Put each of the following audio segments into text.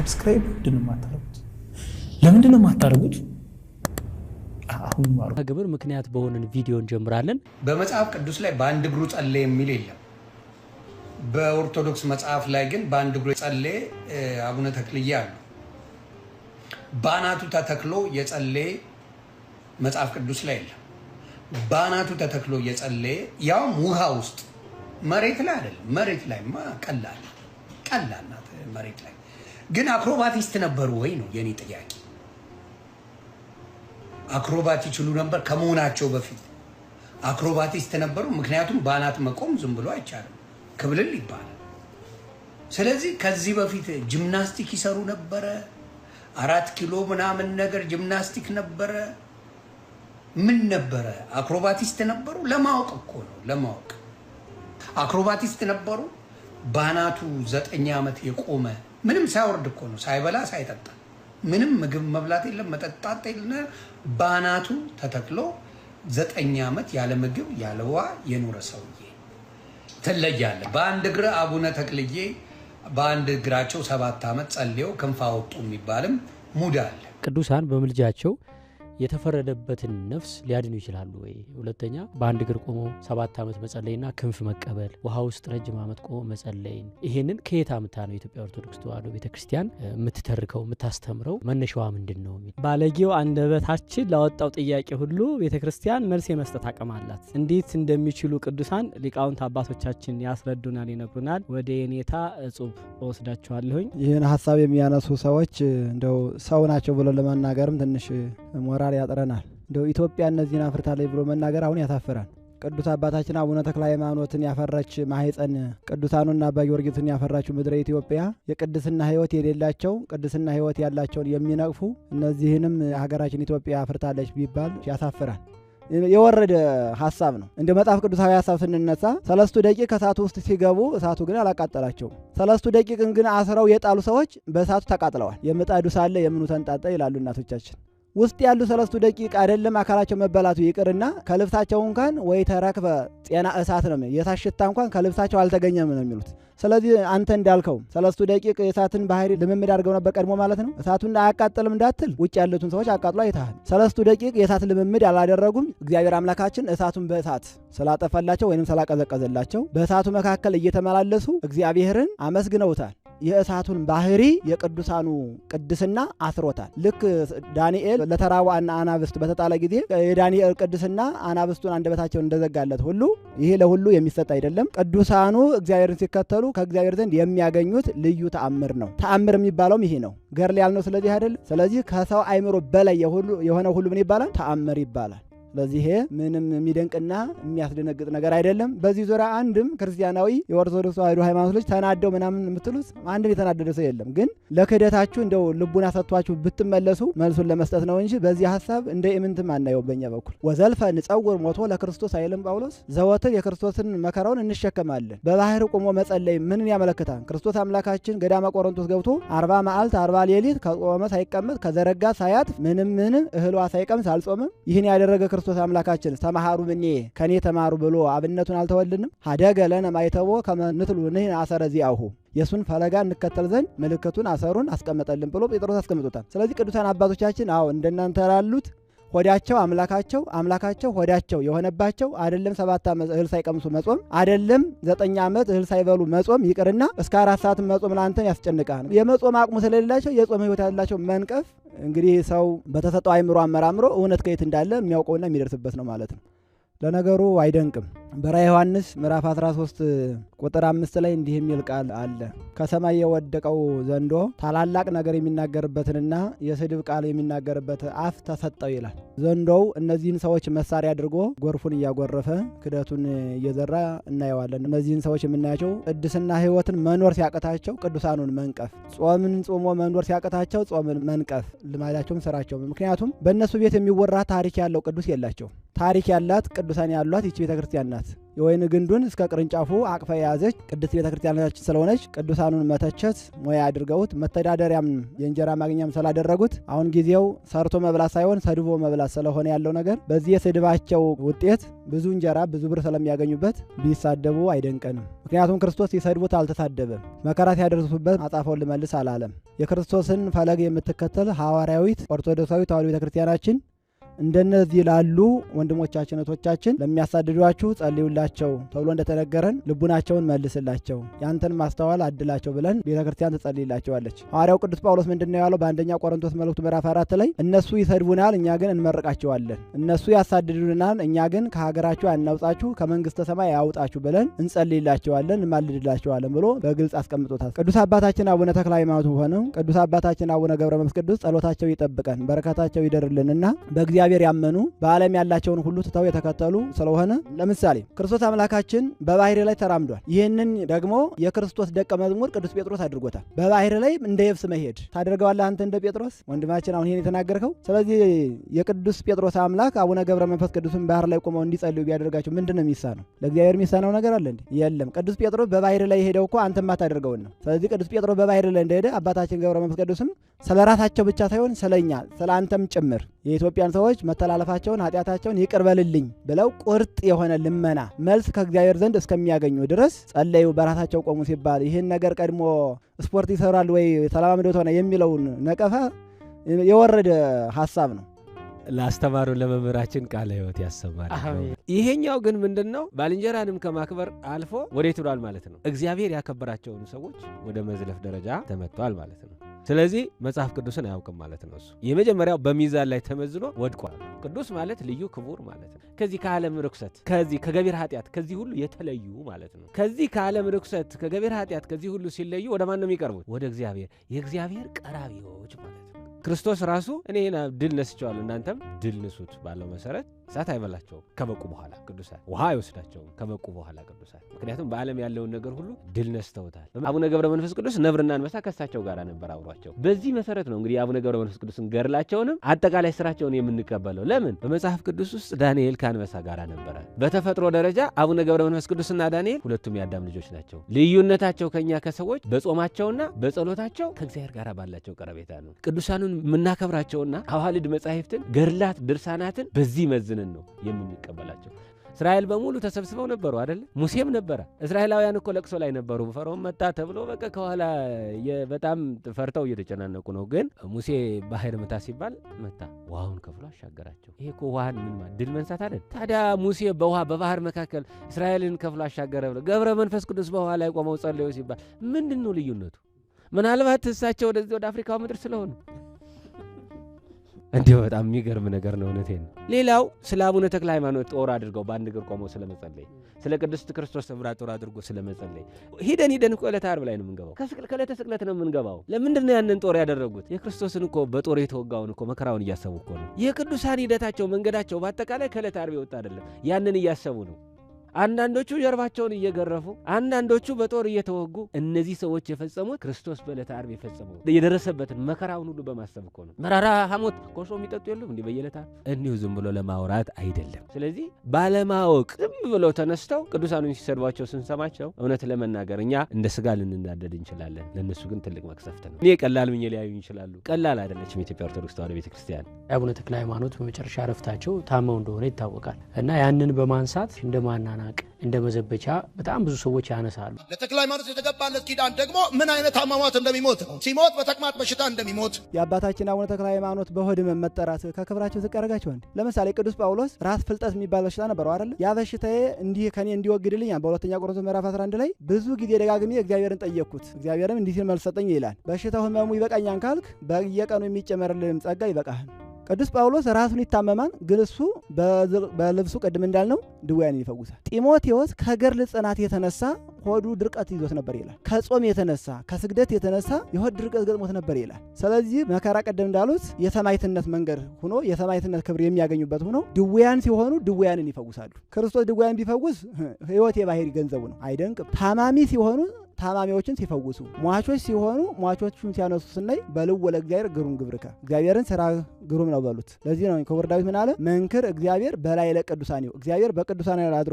ሰብስክራይብ ምንድን የማታረጉት? ለምንድን የማታረጉት? አሁን ግብር ምክንያት በሆንን ቪዲዮ እንጀምራለን። በመጽሐፍ ቅዱስ ላይ በአንድ እግሩ ጸለየ የሚል የለም። በኦርቶዶክስ መጽሐፍ ላይ ግን በአንድ እግሩ ጸለየ አቡነ ተክልዬ አሉ። በአናቱ ተተክሎ የጸለየ መጽሐፍ ቅዱስ ላይ የለም። በአናቱ ተተክሎ የጸለየ ያውም ውሃ ውስጥ መሬት ላይ አይደለም። መሬት ላይ ቀላል ቀላል ናት መሬት ላይ ግን አክሮባቲስት ነበሩ ወይ ነው የኔ ጥያቄ። አክሮባት ይችሉ ነበር ከመሆናቸው በፊት አክሮባቲስት ነበሩ። ምክንያቱም በአናት መቆም ዝም ብሎ አይቻልም፣ ክብልል ይባላል። ስለዚህ ከዚህ በፊት ጂምናስቲክ ይሰሩ ነበረ። አራት ኪሎ ምናምን ነገር ጂምናስቲክ ነበረ። ምን ነበረ? አክሮባቲስት ነበሩ። ለማወቅ እኮ ነው ለማወቅ አክሮባቲስት ነበሩ። በአናቱ ዘጠኝ ዓመት የቆመ ምንም ሳይወርድ እኮ ነው፣ ሳይበላ ሳይጠጣ ምንም ምግብ መብላት የለም መጠጣት የለ። ባናቱ ተተክሎ ዘጠኝ ዓመት ያለ ምግብ ያለ ውሃ የኖረ ሰውዬ ትለያለ። በአንድ እግር አቡነ ተክልዬ በአንድ እግራቸው ሰባት ዓመት ጸልየው ክንፍ አወጡ የሚባልም ሙድ አለ። ቅዱሳን በምልጃቸው የተፈረደበትን ነፍስ ሊያድኑ ይችላሉ ወይ? ሁለተኛ በአንድ እግር ቆሞ ሰባት ዓመት መጸለይና ክንፍ መቀበል፣ ውሃ ውስጥ ረጅም ዓመት ቆሞ መጸለይን፣ ይሄንን ከየት አምታ ነው የኢትዮጵያ ኦርቶዶክስ ተዋህዶ ቤተክርስቲያን የምትተርከው የምታስተምረው? መነሻዋ ምንድን ነው? ባለጌው አንደበታችን ላወጣው ጥያቄ ሁሉ ቤተክርስቲያን መልስ የመስጠት አቅም አላት። እንዴት እንደሚችሉ ቅዱሳን ሊቃውንት አባቶቻችን ያስረዱናል፣ ይነግሩናል። ወደ የኔታ እጹብ ወስዳችኋለሁኝ። ይህን ሀሳብ የሚያነሱ ሰዎች እንደው ሰው ናቸው ብሎ ለመናገርም ትንሽ ሞራል ዛሬ ያጥረናል። እንደው ኢትዮጵያ እነዚህን አፍርታ ላይ ብሎ መናገር አሁን ያሳፍራል። ቅዱስ አባታችን አቡነ ተክለ ሃይማኖትን ያፈራች ማህፀን ቅዱሳኑና አባ ጊዮርጊስን ያፈራችው ምድረ ኢትዮጵያ የቅድስና ሕይወት የሌላቸው ቅድስና ሕይወት ያላቸውን የሚነቅፉ እነዚህንም ሀገራችን ኢትዮጵያ አፍርታለች ቢባል ያሳፍራል። የወረደ ሀሳብ ነው። እንደ መጽሐፍ ቅዱሳዊ ሀሳብ ስንነሳ ሰለስቱ ደቂቅ ከእሳቱ ውስጥ ሲገቡ እሳቱ ግን አላቃጠላቸውም። ሰለስቱ ደቂቅን ግን አስረው የጣሉ ሰዎች በእሳቱ ተቃጥለዋል። የምጣዱ ሳለ የምኑ ተንጣጠ ይላሉ እናቶቻችን። ውስጥ ያሉ ሰለስቱ ደቂቅ አይደለም አካላቸው መበላቱ ይቅርና ከልብሳቸው እንኳን ወይ ተረክበ ጤና እሳት ነው ሽታ እንኳን ከልብሳቸው አልተገኘም ነው የሚሉት። ስለዚህ አንተ እንዳልከው ሰለስቱ ደቂቅ የእሳትን ባህሪ ልምምድ አድርገው ነበር ቀድሞ ማለት ነው። እሳቱን አያቃጥልም እንዳትል ውጭ ያሉትን ሰዎች አቃጥሎ አይተሃል። ሰለስቱ ደቂቅ የእሳት ልምምድ አላደረጉም። እግዚአብሔር አምላካችን እሳቱን በእሳት ስላጠፈላቸው ወይም ስላቀዘቀዘላቸው በእሳቱ መካከል እየተመላለሱ እግዚአብሔርን አመስግነውታል። የእሳቱን ባህሪ የቅዱሳኑ ቅድስና አስሮታል። ልክ ዳንኤል ለተራዋ አናብስት በተጣለ ጊዜ የዳንኤል ቅድስና አናብስቱን አንደበታቸውን እንደዘጋለት ሁሉ ይሄ ለሁሉ የሚሰጥ አይደለም። ቅዱሳኑ እግዚአብሔርን ሲከተሉ ከእግዚአብሔር ዘንድ የሚያገኙት ልዩ ተአምር ነው። ተአምር የሚባለውም ይሄ ነው። ገር ሊያል ነው። ስለዚህ አይደለም። ስለዚህ ከሰው አይምሮ በላይ የሆነ ሁሉ ምን ይባላል? ተአምር ይባላል። ስለዚህ ምንም የሚደንቅና የሚያስደነግጥ ነገር አይደለም። በዚህ ዙሪያ አንድም ክርስቲያናዊ የኦርቶዶክስ ተዋሕዶ ሃይማኖቶች ተናደው ምናምን የምትሉት አንድም የተናደደ ሰው የለም። ግን ለክህደታችሁ እንደው ልቡን አሰጥቷችሁ ብትመለሱ መልሱን ለመስጠት ነው እንጂ በዚህ ሀሳብ እንደ ኢምንትም አናየው በኛ በኩል ወዘልፈ ንጸውር ሞቶ ለክርስቶስ አይልም ጳውሎስ ዘወትር የክርስቶስን መከራውን እንሸከማለን። በባህር ቆሞ መጸለይ ምንን ያመለክታል? ክርስቶስ አምላካችን ገዳመ ቆሮንቶስ ገብቶ አርባ መዓልት አርባ ሌሊት ከቆመ ሳይቀመጥ ከዘረጋ ሳያት ምንም ምንም እህሏ ሳይቀምስ አልጾምም። ይህን ያደረገ ክርስቶስ አምላካችን ተማሃሩ ምኔ ከኔ ተማሩ ብሎ አብነቱን አልተወልንም? ሀደገ ለነ ማይተቦ ከምንትሉ ንህን አሰረ ዚአሁ የእሱን ፈለጋ እንከተል ዘንድ ምልክቱን አሰሩን አስቀመጠልን ብሎ ጴጥሮስ አስቀምጦታል። ስለዚህ ቅዱሳን አባቶቻችን አዎ እንደናንተ ላሉት ሆዳቸው አምላካቸው አምላካቸው ሆዳቸው የሆነባቸው አይደለም ሰባት ዓመት እህል ሳይቀምሱ መጾም አይደለም ዘጠኝ ዓመት እህል ሳይበሉ መጾም ይቅርና እስከ አራት ሰዓት መጾም ለአንተን ያስጨንቃል። የመጾም አቅሙ ስለሌላቸው የጾም ህይወት ያላቸው መንቀፍ እንግዲህ ሰው በተሰጠው አይምሮ አመራምሮ እውነት ከየት እንዳለ የሚያውቀውና የሚደርስበት ነው ማለት ነው። ለነገሩ አይደንቅም። በራ ዮሐንስ ምዕራፍ 13 ቁጥር አምስት ላይ እንዲህ የሚል ቃል አለ። ከሰማይ የወደቀው ዘንዶ ታላላቅ ነገር የሚናገርበትንና የስድብ ቃል የሚናገርበት አፍ ተሰጠው ይላል። ዘንዶው እነዚህን ሰዎች መሳሪያ አድርጎ ጎርፉን እያጎረፈ ክደቱን እየዘራ እናየዋለን። እነዚህን ሰዎች የምናያቸው ቅድስና ሕይወትን መኖር ሲያቅታቸው ቅዱሳኑን መንቀፍ፣ ጾምን ጾሞ መኖር ሲያቅታቸው ጾምን መንቀፍ ልማዳቸውም ስራቸውም። ምክንያቱም በእነሱ ቤት የሚወራ ታሪክ ያለው ቅዱስ የላቸው። ታሪክ ያላት ቅዱሳን ያሏት ይቺ ቤተክርስቲያን ናት። ናት። የወይን ግንዱን እስከ ቅርንጫፉ አቅፋ የያዘች ቅድስት ቤተ ክርስቲያናችን ስለሆነች ቅዱሳኑን መተቸት ሙያ አድርገውት መተዳደሪያም የእንጀራ ማግኛም ስላደረጉት አሁን ጊዜው ሰርቶ መብላት ሳይሆን ሰድቦ መብላት ስለሆነ ያለው ነገር በዚህ የስድባቸው ውጤት ብዙ እንጀራ ብዙ ብር ስለሚያገኙበት ቢሳደቡ አይደንቀንም። ምክንያቱም ክርስቶስ ሲሰድቡት አልተሳደበም፣ መከራ ሲያደርሱበት አጻፈውን ልመልስ አላለም። የክርስቶስን ፈለግ የምትከተል ሐዋርያዊት ኦርቶዶክሳዊ ተዋሕዶ ቤተ ክርስቲያናችን እንደነዚህ ላሉ ወንድሞቻችን እህቶቻችን ለሚያሳድዷችሁ ጸልዩላቸው ተብሎ እንደተነገረን ልቡናቸውን መልስላቸው፣ ያንተን ማስተዋል አድላቸው ብለን ቤተ ክርስቲያን ትጸልይላቸዋለች። ሐዋርያው ቅዱስ ጳውሎስ ምንድን ነው ያለው? በአንደኛ ቆሮንቶስ መልእክቱ ምዕራፍ አራት ላይ እነሱ ይሰድቡናል፣ እኛ ግን እንመርቃቸዋለን። እነሱ ያሳድዱናል፣ እኛ ግን ከሀገራችሁ አናውጣችሁ፣ ከመንግስተ ሰማይ ያውጣችሁ ብለን እንጸልይላቸዋለን፣ እንማልድላቸዋለን ብሎ በግልጽ አስቀምጦታል። ቅዱስ አባታችን አቡነ ተክለ ሃይማኖት ሆነው ቅዱስ አባታችን አቡነ ገብረ መንፈስ ቅዱስ ጸሎታቸው ይጠብቀን፣ በረከታቸው ይደርልንና በእግዚአብሔር በእግዚአብሔር ያመኑ በዓለም ያላቸውን ሁሉ ትተው የተከተሉ ስለሆነ ለምሳሌ ክርስቶስ አምላካችን በባህር ላይ ተራምዷል። ይህንን ደግሞ የክርስቶስ ደቀ መዝሙር ቅዱስ ጴጥሮስ አድርጎታል። በባህር ላይ እንደ የብስ መሄድ ታደርገዋለህ አንተ እንደ ጴጥሮስ ወንድማችን አሁን ይህን የተናገርከው። ስለዚህ የቅዱስ ጴጥሮስ አምላክ አቡነ ገብረ መንፈስ ቅዱስን ባህር ላይ ቆመው እንዲጸልዩ ቢያደርጋቸው ምንድን ነው የሚሳነው? ለእግዚአብሔር የሚሳነው ነገር አለ እንዴ? የለም። ቅዱስ ጴጥሮስ በባህር ላይ የሄደው እኮ አንተ ማታደርገውን ነው። ስለዚህ ቅዱስ ጴጥሮስ በባህር ላይ እንደሄደ አባታችን ገብረ መንፈስ ቅዱስም ስለ ራሳቸው ብቻ ሳይሆን ስለኛ ስለ አንተም ጭምር የኢትዮጵያን ሰዎች መተላለፋቸውን ኃጢአታቸውን ይቅርበልልኝ ብለው ቁርጥ የሆነ ልመና መልስ ከእግዚአብሔር ዘንድ እስከሚያገኙ ድረስ ጸለዩ። በራሳቸው ቆሙ ሲባል ይህን ነገር ቀድሞ ስፖርት ይሰራል ወይ ተለማምዶት ሆነ የሚለውን ነቀፋ የወረደ ሀሳብ ነው። ላስተማሩ ለመምህራችን ቃለ ሕይወት ያሰማል። ይሄኛው ግን ምንድን ነው? ባልንጀራንም ከማክበር አልፎ ወዴት ብሏል ማለት ነው። እግዚአብሔር ያከበራቸውን ሰዎች ወደ መዝለፍ ደረጃ ተመጥቷል ማለት ነው። ስለዚህ መጽሐፍ ቅዱስን አያውቅም ማለት ነው። እሱ የመጀመሪያው በሚዛን ላይ ተመዝኖ ወድቋል። ቅዱስ ማለት ልዩ ክቡር ማለት ነው። ከዚህ ከዓለም ርኩሰት፣ ከዚህ ከገቢር ኃጢአት፣ ከዚህ ሁሉ የተለዩ ማለት ነው። ከዚህ ከዓለም ርኩሰት፣ ከገቢር ኃጢአት፣ ከዚህ ሁሉ ሲለዩ ወደ ማን ነው የሚቀርቡት? ወደ እግዚአብሔር፣ የእግዚአብሔር ቀራቢዎች ማለት ነው። ክርስቶስ ራሱ እኔ ድል ነስቸዋለሁ እናንተም ድል ንሱት ባለው መሰረት እሳት አይበላቸውም ከበቁ በኋላ ቅዱሳት፣ ውሃ አይወስዳቸውም ከበቁ በኋላ ቅዱሳት። ምክንያቱም በዓለም ያለውን ነገር ሁሉ ድል ነስተውታል። አቡነ ገብረ መንፈስ ቅዱስ ነብርና አንበሳ ከሳቸው ጋር ነበር አብሯቸው። በዚህ መሰረት ነው እንግዲህ አቡነ ገብረ መንፈስ ቅዱስን ገድላቸውንም አጠቃላይ ስራቸውን የምንቀበለው። ለምን በመጽሐፍ ቅዱስ ውስጥ ዳንኤል ከአንበሳ ጋር ነበረ። በተፈጥሮ ደረጃ አቡነ ገብረ መንፈስ ቅዱስና ዳንኤል ሁለቱም የአዳም ልጆች ናቸው። ልዩነታቸው ከኛ ከሰዎች በጾማቸውና በጸሎታቸው ከእግዚአብሔር ጋር ባላቸው ቀረቤታ ነው። ቅዱሳኑ መጽሐፍትን የምናከብራቸውና አዋልድ መጻሕፍትን፣ ገድላት፣ ድርሳናትን በዚህ መዝንን ነው የምንቀበላቸው። እስራኤል በሙሉ ተሰብስበው ነበሩ አደለ? ሙሴም ነበረ። እስራኤላውያን እኮ ለቅሶ ላይ ነበሩ። ፈርዖን መጣ ተብሎ በቃ ከኋላ በጣም ፈርተው እየተጨናነቁ ነው። ግን ሙሴ ባህር ምታ ሲባል መታ፣ ውሃውን ከፍሎ አሻገራቸው። ይሄ እኮ ውሃን ምን ድል መንሳት አለን። ታዲያ ሙሴ በውሃ በባህር መካከል እስራኤልን ከፍሎ አሻገረ ብ ገብረ መንፈስ ቅዱስ በውሃ ላይ ቆመው ጸለዩ ሲባል ምንድን ነው ልዩነቱ? ምናልባት እሳቸው ወደዚህ ወደ አፍሪካው ምድር ስለሆኑ እንዲህ በጣም የሚገርም ነገር ነው። እውነቴን ሌላው ስለ አቡነ ተክለ ሃይማኖት ጦር አድርገው በአንድ እግር ቆመው ስለመጸለይ፣ ስለ ቅዱስ ክርስቶስ ሰምራ ጦር አድርጎ ስለመጸለይ ሂደን ሂደን እኮ ዕለተ ዓርብ ላይ ነው የምንገባው። ከዕለተ ስቅለት ነው የምንገባው። ለምንድን ነው ያንን ጦር ያደረጉት? የክርስቶስን እኮ በጦር የተወጋውን እኮ መከራውን እያሰቡ እኮ ነው። የቅዱሳን ሂደታቸው መንገዳቸው በአጠቃላይ ከዕለተ ዓርብ የወጣ አይደለም። ያንን እያሰቡ ነው። አንዳንዶቹ ጀርባቸውን እየገረፉ፣ አንዳንዶቹ በጦር እየተወጉ እነዚህ ሰዎች የፈጸሙት ክርስቶስ በዕለተ ዓርብ የፈጸመው የደረሰበትን መከራውን ሁሉ በማሰብ እኮ ነው። መራራ ሐሞት ኮሾ የሚጠጡ የሉም እንዲህ በየዕለታ እንዲሁ ዝም ብሎ ለማውራት አይደለም። ስለዚህ ባለማወቅ ዝም ብሎ ተነስተው ቅዱሳኑ ሲሰድቧቸው ስንሰማቸው እውነት ለመናገር እኛ እንደ ስጋ ልንናደድ እንችላለን። ለእነሱ ግን ትልቅ መቅሰፍት ነው። እኔ ቀላል ምኝ ሊያዩ ይችላሉ። ቀላል አይደለችም የኢትዮጵያ ኦርቶዶክስ ተዋህዶ ቤተክርስቲያን። አቡነ ተክለ ሃይማኖት በመጨረሻ ረፍታቸው ታመው እንደሆነ ይታወቃል እና ያንን በማንሳት እንደማና ማናቅ እንደ መዘበቻ በጣም ብዙ ሰዎች ያነሳሉ። ለተክለ ሃይማኖት የተገባለት ኪዳን ደግሞ ምን አይነት አሟሟት እንደሚሞት ነው። ሲሞት በተቅማጥ በሽታ እንደሚሞት የአባታችን አቡነ ተክለ ሃይማኖት በሆድ ህመም መጠራት ከክብራቸው ዝቅ ያደርጋቸው። ለምሳሌ ቅዱስ ጳውሎስ ራስ ፍልጠት የሚባል በሽታ ነበረው አይደለ? ያ በሽታዬ እንዲህ ከኔ እንዲወግድልኝ በሁለተኛ ቆሮንቶስ ምዕራፍ 11 ላይ ብዙ ጊዜ ደጋግሜ እግዚአብሔርን ጠየቅኩት፣ እግዚአብሔርም እንዲህ ሲል መልስ ሰጠኝ ይላል። በሽታው ህመሙ ይበቃኛን ካልክ በየቀኑ የሚጨመርልህም ጸጋ ይበቃህን ቅዱስ ጳውሎስ ራሱን ይታመማል፣ ግን እሱ በልብሱ ቅድም እንዳልነው ድውያንን ይፈውሳል። ጢሞቴዎስ ከገድል ጽናት የተነሳ ሆዱ ድርቀት ይዞት ነበር ይላል። ከጾም የተነሳ ከስግደት የተነሳ የሆድ ድርቀት ገጥሞት ነበር ይላል። ስለዚህ መከራ ቀደም እንዳሉት የሰማይትነት መንገድ ሆኖ የሰማይትነት ክብር የሚያገኙበት ሆኖ ድውያን ሲሆኑ ድውያንን ይፈውሳሉ። ክርስቶስ ድውያን ቢፈውስ ሕይወት የባህሪ ገንዘቡ ነው፣ አይደንቅም። ታማሚ ሲሆኑ ታማሚዎችን ሲፈውሱ ሟቾች ሲሆኑ ሟቾቹን ሲያነሱ ስናይ ወለ እግዚአብሔር ግሩም ግብርከ እግዚአብሔርን ስራ ግሩም ነው በሉት። ለዚህ ነው ክቡር ዳዊት ምን አለ? መንክር እግዚአብሔር በላይ ለቅዱሳን ይሁ እግዚአብሔር በቅዱሳን አድሮ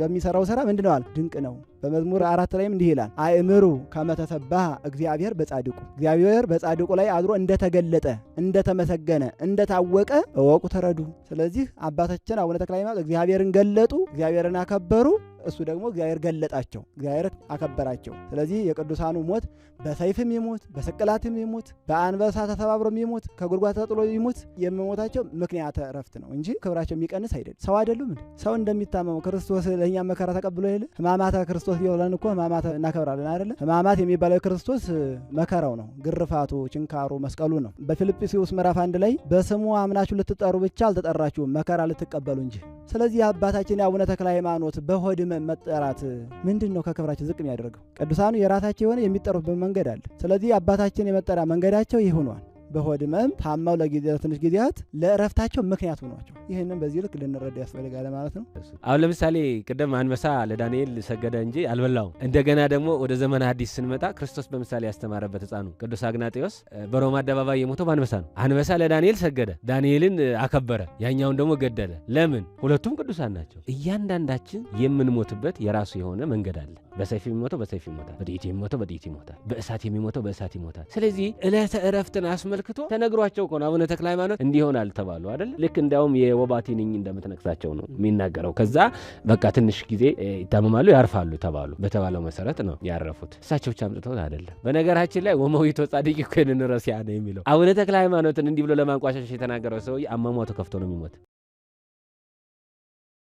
በሚሰራው ስራ ምንድን ነው አለ? ድንቅ ነው። በመዝሙር አራት ላይም እንዲህ ይላል፣ አእምሩ ከመተሰባህ እግዚአብሔር በጻድቁ እግዚአብሔር በጻድቁ ላይ አድሮ እንደተገለጠ እንደተመሰገነ እንደታወቀ እወቁ ተረዱ። ስለዚህ አባታችን አቡነ ተክለ ሃይማኖት እግዚአብሔርን ገለጡ፣ እግዚአብሔርን አከበሩ። እሱ ደግሞ እግዚአብሔር ገለጣቸው፣ እግዚአብሔር አከበራቸው። ስለዚህ የቅዱሳኑ ሞት በሰይፍም ይሙት፣ በስቅላትም ይሙት፣ በአንበሳ ተሰባብሮም ይሙት፣ ከጉድጓድ ተጥሎ ይሙት፣ የመሞታቸው ምክንያተ ረፍት ነው እንጂ ክብራቸው የሚቀንስ አይደለም። ሰው አይደሉም ሰው እንደሚታመመው ክርስቶስ ለእኛ መከራ ተቀብሎ የለ ህማማተ ክርስቶስ ቢሆለን እኮ ህማማተ እናከብራለን አይደለ? ህማማት የሚባለው ክርስቶስ መከራው ነው፣ ግርፋቱ፣ ችንካሩ፣ መስቀሉ ነው። በፊልጵስዩስ ምዕራፍ አንድ ላይ በስሙ አምናችሁ ልትጠሩ ብቻ አልተጠራችሁም መከራ ልትቀበሉ እንጂ። ስለዚህ አባታችን የአቡነ ተክለ ሃይማኖት በሆድ መጠራት ምንድን ነው ከክብራቸው ዝቅ የሚያደርገው? ቅዱሳኑ የራሳቸው የሆነ የሚጠሩበት መንገድ አለ። ስለዚህ አባታችን የመጠሪያ መንገዳቸው ይህ በሆድ ህመም ታመው ለትንሽ ጊዜያት ለእረፍታቸው ምክንያት ሆኗቸው ይህንን በዚህ ልክ ልንረዳ ያስፈልጋል ማለት ነው። አሁን ለምሳሌ ቅድም አንበሳ ለዳንኤል ሰገደ እንጂ አልበላውም። እንደገና ደግሞ ወደ ዘመን አዲስ ስንመጣ ክርስቶስ በምሳሌ ያስተማረበት ህፃኑ ቅዱስ አግናጤዎስ በሮማ አደባባይ የሞተው በአንበሳ ነው። አንበሳ ለዳንኤል ሰገደ፣ ዳንኤልን አከበረ፣ ያኛውን ደግሞ ገደለ። ለምን? ሁለቱም ቅዱሳን ናቸው። እያንዳንዳችን የምንሞትበት የራሱ የሆነ መንገድ አለ። በሰይፍ የሚሞተው በሰይፍ ይሞታል፣ በጥይት የሚሞተው በጥይት ይሞታል፣ በእሳት የሚሞተው በእሳት ይሞታል። ስለዚህ ዕለተ ዕረፍትን አስመ አስመልክቶ ተነግሯቸው ከሆነ አቡነ ተክለ ሃይማኖት እንዲሆናል ተባሉ አይደል? ልክ እንዲያውም የወባ ትንኝ ነው የሚናገረው። ከዛ በቃ ትንሽ ጊዜ ይታመማሉ፣ ያርፋሉ ተባሉ። በተባለው መሰረት ነው ያረፉት። እሳቸው ብቻ አምጥተውት አይደለም። በነገራችን ላይ ወመዊቶ ጻድቅ ኮንንረሲያ ነው የሚለው አቡነ ተክለ ሃይማኖትን እንዲህ ብሎ ለማንቋሻሽ የተናገረው ሰውዬ አሟሟቱ ከፍቶ ነው የሚሞት።